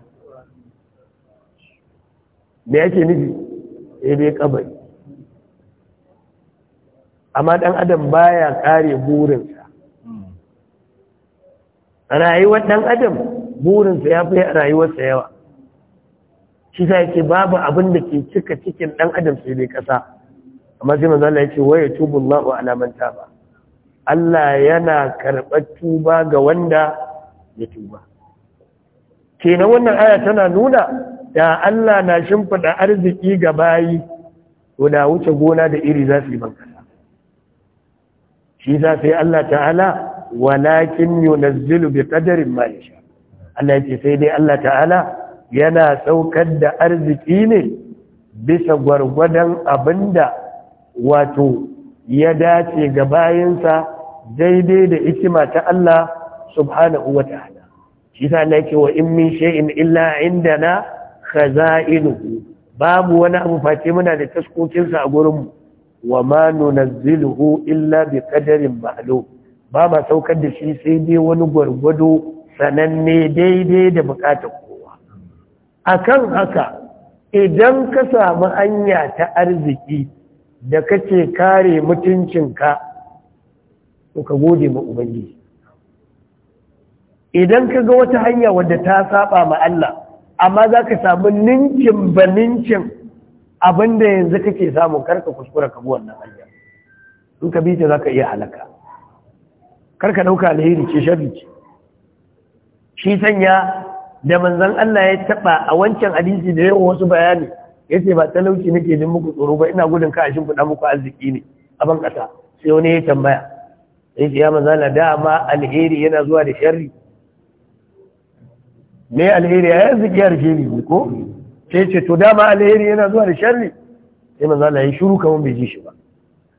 me yake nufi sai dai kabari amma dan adam baya kare burinsa a rayuwar dan adam burinsa ya fi a rayuwarsa yawa shi sa yake babu abin da ke cika cikin dan adam sai dai kasa amma sai manzo Allah ya ce waya tubu wa ala man taba Allah yana karɓar tuba ga wanda ya tuba kenan wannan aya tana nuna da Allah na shimfida arziki ga bayi to da wuce gona da iri za su yi bankasa shi za sai Allah ta'ala walakin yunazzilu bi qadarin ma yasha Allah ya ce sai dai Allah ta'ala yana saukar da arziki ne bisa gwargwadon abinda wato ya dace ga bayansa daidai da ikima ta Allah subhanahu wa ta'ala shi na Allah yake wa in min shay'in illa indana khaza'inuhu babu wani abu face muna da taskokin a gurin wa ma nunazziluhu illa bi qadarin ma'lum ba ma saukar da shi sai dai wani gwargwado sananne daidai da bukatar kowa akan haka idan ka samu hanya ta arziki da kake kare mutuncinka to ka gode ma ubangiji idan ka ga wata hanya wadda ta saba ma Allah amma za ka samu ninkin ba ninkin abinda yanzu kake samu karka kuskura ka bi wannan hanya in ka bi ta za ka iya halaka karka ɗauka alheri ke shabi ce shi sanya da manzon Allah ya taɓa a wancan hadisi da yawan wasu bayani yace ba talauci nake jin muku tsoro ba ina gudun ka a shimfiɗa muku arziki ne a ban ƙasa sai wani ya tambaya yace ya manzo dama alheri yana zuwa da sharri me alheri ya yanzu ya alheri ne ko sai ce to dama alheri yana zuwa da sharri sai manzo Allah ya shiru kamar bai ji shi ba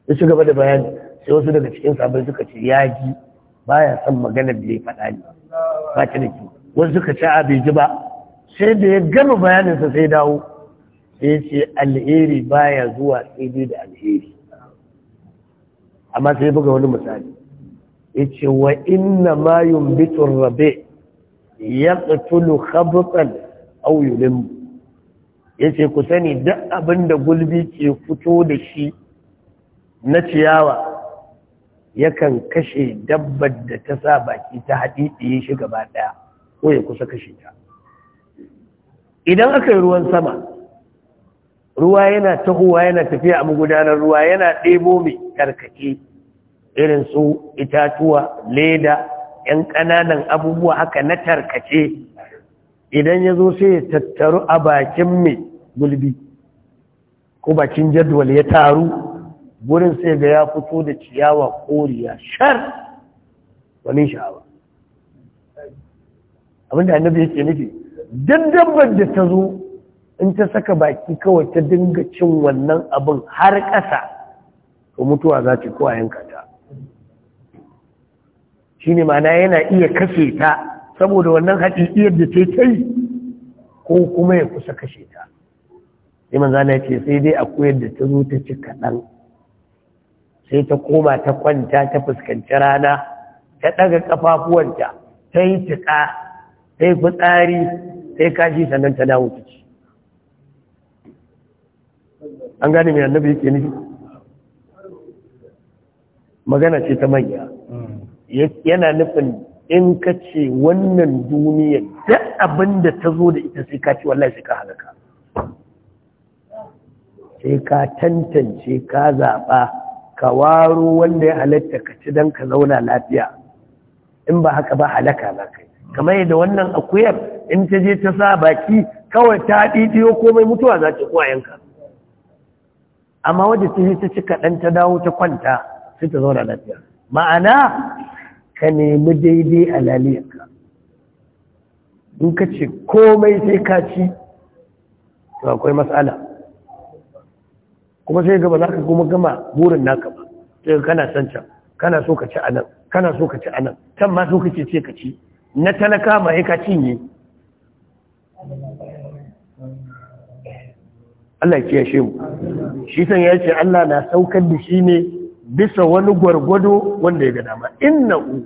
ya ci gaba da bayani sai wasu daga cikin sabbin suka ce ya ji baya son magana da ya faɗa ne ba ta da wasu suka ce a bai ji ba sai da ya gama bayaninsa sai dawo sai ce alheri baya zuwa sai da alheri amma sai buga wani misali ya ce wa inna mayun bitun rabe ya tsatulu khabutsan auyulin ya ce ku sani duk abin da gulbi ke fito da shi na ciyawa yakan kashe dabbar da ta sa baki ta haɗi shi gaba ɗaya ko ya kusa kashe ta idan aka yi ruwan sama ruwa yana tahowa yana tafiya a magudanar ruwa yana ɗebo mai karkake irin su itatuwa leda ‘yan ƙananan abubuwa haka na tarkace idan ya zo sai ya tattaru a bakin mai gulbi ko bakin jadwal ya taru gurin sai ga ya fito da ciyawa koriya shar wani sha'awa abinda annabi yake nufi duk dabbar da ta zo in ta saka baki kawai ta dinga cin wannan abin har ƙasa to mutuwa za ta kowa yanka ta shi ne mana yana iya kashe ta saboda wannan haƙiƙiyar da ta ta ko kuma ya kusa kashe ta sai manzana ce sai dai akwai da ta zo ta ci kaɗan sai ta koma ta kwanta ta fuskanci rana ta ɗaga ƙafafuwanta ta yi tuƙa ta yi fitsari sai kashi sannan ta dawo ta ci an gane mai annabi yake nufi magana ce ta manya yana nufin in ka ce wannan duniya da abin da ta zo da ita sai ka ce wallahi sai ka halaka sai ka tantance ka zaɓa ka waro wanda ya halatta ka ci don ka zauna lafiya in ba haka ba halaka na kai kamar yadda wannan akuyar in ta je ta sa baki kawai ta ɗiɗiyo komai mutuwa za ta yanka. amma wadda ta yi ta ci kaɗan ta dawo ta kwanta sai ta zauna lafiya ma'ana ka nemi daidai a laliyarka in ka ce komai sai ka ci to akwai matsala kuma sai gaba za ka kuma gama burin naka ba sai kana son can kana so ka ci a nan kana so ka ci a nan can ma so ka ce ce ka ci na talaka ma ya ka cinye Allah ya kiyashe mu shi san ya ce Allah na saukar da shi ne bisa wani gwargwado wanda ya ga dama inna'u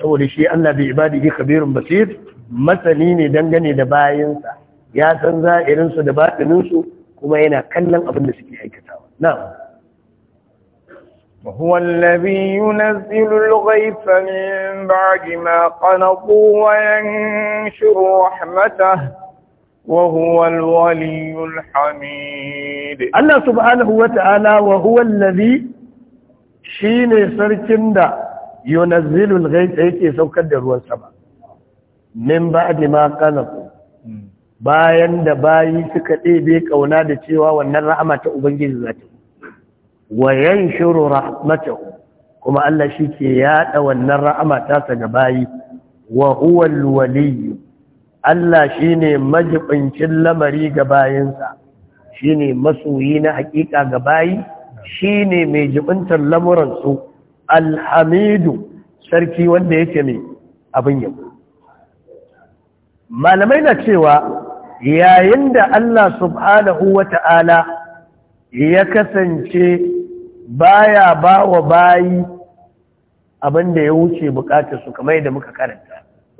saboda shi Allah ibadi ibadihi khabirun basir masani ne dangane da bayansa ya san za'irinsu da batininsu kuma yana kallon abin da suke aikatawa na'am وهو الذي ينزل الغيث من بعد ما قنطوا وينشر رحمته وهو الولي الحميد الله سبحانه وتعالى وهو الذي شين سركن دا ينزل الغيث yake saukar da ruwan sama min ba'di ma qanatu bayan da bayi suka ɗebe kauna da cewa wannan rahama ta ubangiji za ta wa yanshuru rahmatahu kuma Allah shi ke yaɗa wannan rahama ta sa ga bayi wa huwa al-waliyyu Allah shi ne majibincin lamari ga bayansa shi ne masoyi na hakika ga bayi shi ne mai jibintar lamuransu alhamidu sarki wanda yake mai abin yabo malamai na cewa yayin da Allah subhanahu wa ta'ala ya kasance baya ba wa bayi abin da ya wuce bukatarsu kamar yadda muka karanta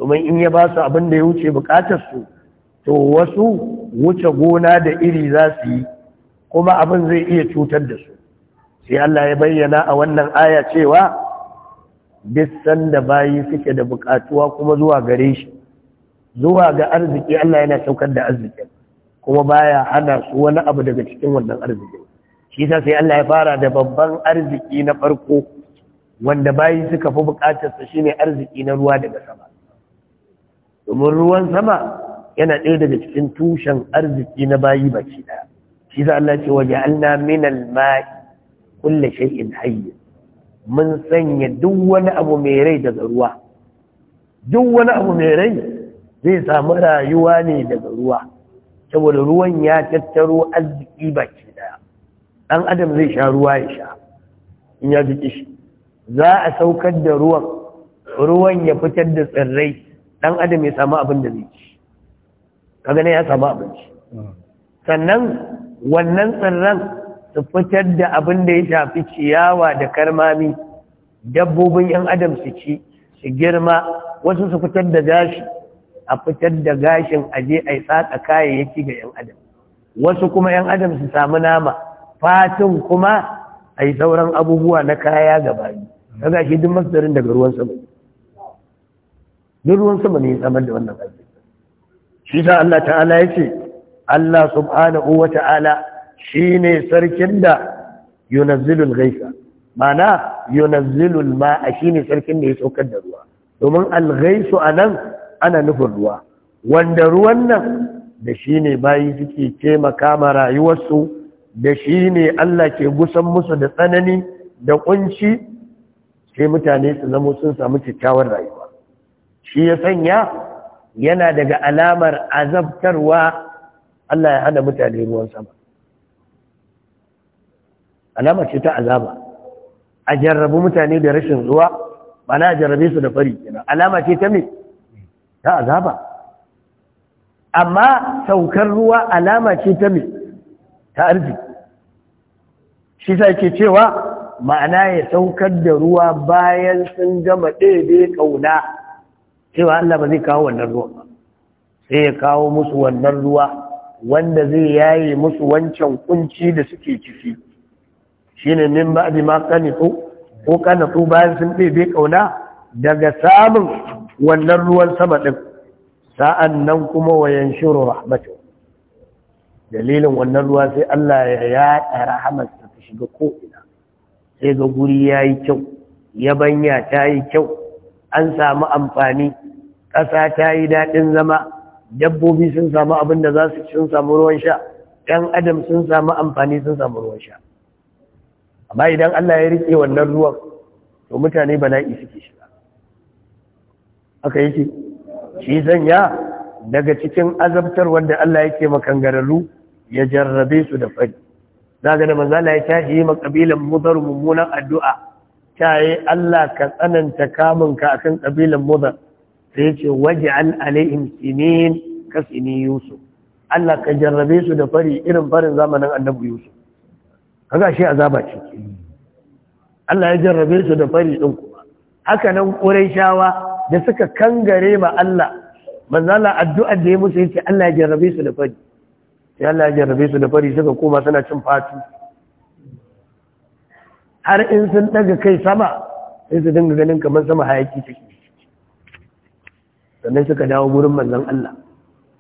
domin in ya ba su abin da ya wuce bukatarsu to wasu wuce gona da iri za su yi kuma abin zai iya cutar da su sai Allah ya bayyana a wannan aya cewa duk sanda bayi suke da bukatuwa kuma zuwa gare shi zuwa ga arziki Allah yana saukar da arzikin kuma baya hana su wani abu daga cikin wannan arzikin shi yasa sai Allah ya fara da babban arziki na farko wanda bayi suka fi bukatarsa shine arziki na ruwa daga sama domin ruwan sama yana ɗaya daga cikin tushen arziki na bayi baki ɗaya shi za Allah ce waje alna min alma'i kulle shay'in hayy mun sanya duk wani abu mai rai daga ruwa duk wani abu mai rai zai samu rayuwa ne daga ruwa saboda ruwan ya tattaro arziki baki ɗaya ɗan adam zai sha ruwa ya sha in ya ji kishi za a saukar da ruwan ruwan ya fitar da tsirrai dan adam ya samu abin da zai ci kaga ne ya samu abinci sannan wannan tsirran su fitar da abin da ya shafi ciyawa da karmami dabbobin yan adam su ci su girma wasu su fitar da gashi a fitar da gashin aje a yi tsatsa kayayyaki ga yan adam wasu kuma yan adam su samu nama fatin kuma a yi sauran abubuwa na kaya Ka kaga shi duk masdarin daga ruwan sama duk ruwan sama ne ya samar da wannan arziki shi sa Allah ta'ala ya ce Allah subhanahu wa ta'ala shi ne sarkin da yunazzilul ghaisa mana ma ma'a shi ne sarkin da ya saukar da ruwa domin al'gaisu a nan ana nufin ruwa wanda ruwan nan da shi ne bayi suke taimaka ma rayuwarsu da shi ne Allah ke gusan musu da tsanani da kunci sai mutane su zama sun samu kyakkyawar rayuwa shi ya sanya yana daga alamar azabtarwa Allah ya hana mutane ruwan sama alama ce ta azaba a jarrabu mutane da rashin ruwa mana a jarrabe su da fari alama ce ta me ta azaba amma saukar ruwa alama ce ta me ta arziki shi sa ke cewa ma'ana ya saukar da ruwa bayan sun gama ɗebe ƙauna cewa Allah ba zai kawo wannan ruwan ba sai ya kawo musu wannan ruwa wanda zai yaye musu wancan kunci da suke ciki shine min ba'di ma qanitu ko to bayan sun bai kauna daga samun wannan ruwan sama ɗin sa'an nan kuma wayan shiru rahmatu dalilin wannan ruwa sai Allah ya yaɗa rahamarsa ta shiga ko'ina sai ga guri yayi kyau yabanya ta yi kyau an samu amfani ƙasa ta yi daɗin zama dabbobi sun samu abin da za su sun samu ruwan sha Yan adam sun samu amfani sun samu ruwan sha amma idan Allah ya riƙe wannan ruwan to mutane na'i suke shiga aka yake shi sanya daga cikin azabtar wanda Allah yake makangararru ya jarrabe su da fari zaga da manzala ya tashi yi makabilan mudar mummunan addu'a ta yi Allah ka tsananta kamunka akan kabilan mudar sai ce waje an alaihim sinin Sini yusuf Allah ka jarrabe su da fari irin farin zamanin annabu yusuf kaga shi azaba ce Allah ya jarrabe su da fari ɗin kuma haka nan shawa da suka kangare ma Allah manzo Allah addu'ar da ya musu yace Allah ya jarrabe su da fari sai Allah ya jarrabe su da fari suka koma suna cin fatu har in sun daga kai sama sai su dinga ganin kamar sama hayaki take sannan suka dawo gurin manzan Allah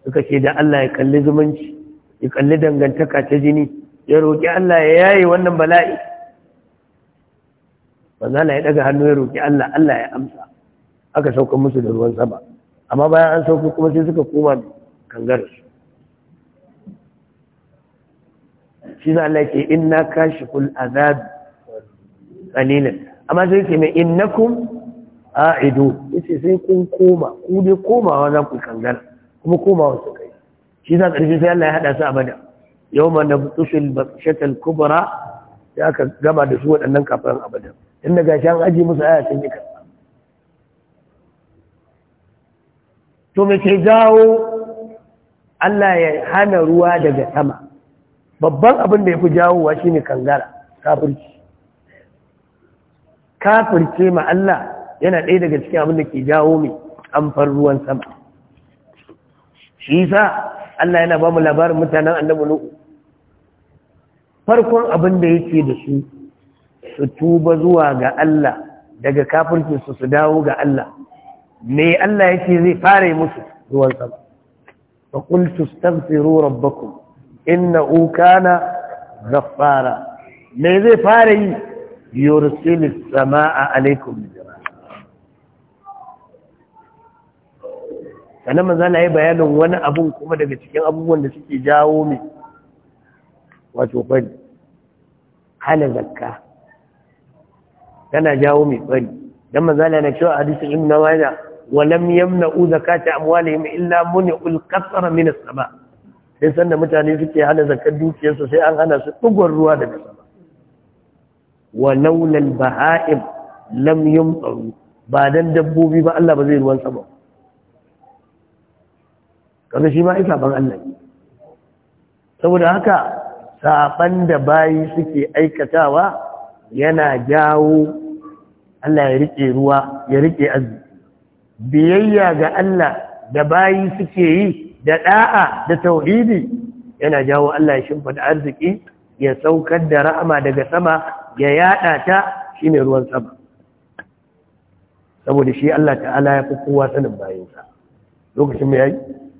suka ce da Allah ya kalli zumunci ya kalli dangantaka ta jini ya roƙi Allah ya yaye wannan bala'i manzon Allah ya daga hannu ya roƙi Allah Allah ya amsa aka sauka musu da ruwan sama amma bayan an sauka kuma sai suka koma kangarar su shi za Allah ke inna kashiful azab qalilan amma sai ke mai innakum a'idu yace sai kun koma ku ne komawa za ku kangar kuma komawa su kai shi za ƙarshe sai Allah ya hada su abada yau na butushil shatal kubra ya ka gama da su waɗannan kafiran abada in daga shan aji musu aya sun yi karɓa to me ke jawo Allah ya hana ruwa daga sama babban abin da ya fi jawowa shine kangara kafirci kafirce ma Allah yana ɗaya daga cikin abin da ke jawo mai amfar ruwan sama shi yasa Allah yana ba mu labarin mutanen annabi Nuhu farkon abin da yake da su su tuba zuwa ga Allah daga kafircin su su dawo ga Allah me Allah yake zai fara musu ruwan sama fa qul tastaghfiru rabbakum innahu kana ghaffara me zai fara yi yursilis samaa alaikum Kana manzo na yi bayanin wani abu kuma daga cikin abubuwan da suke jawo mai wato bari hana zakka tana jawo mai bari dan manzo Allah ya ce a hadisin Wa Majah walam yamna'u zakata amwalihim illa muni qasra min as-sama sai sanda mutane suke hana zakar dukiyarsu sai an hana su dugon ruwa daga sama wa laulal baha'im lam yumtaru ba dan dabbobi ba Allah ba zai ruwan sama kaga shi ma ai ban Allah saboda haka saban da bayi suke aikatawa yana jawo Allah ya rike ruwa ya rike azu biyayya ga Allah da bayi suke yi da da'a da tauhidi yana jawo Allah ya shimfida arziki ya saukar da rahama daga sama ya yada ta shine ruwan sama saboda shi Allah ta'ala ya fi kowa sanin bayinsa lokacin mai yayi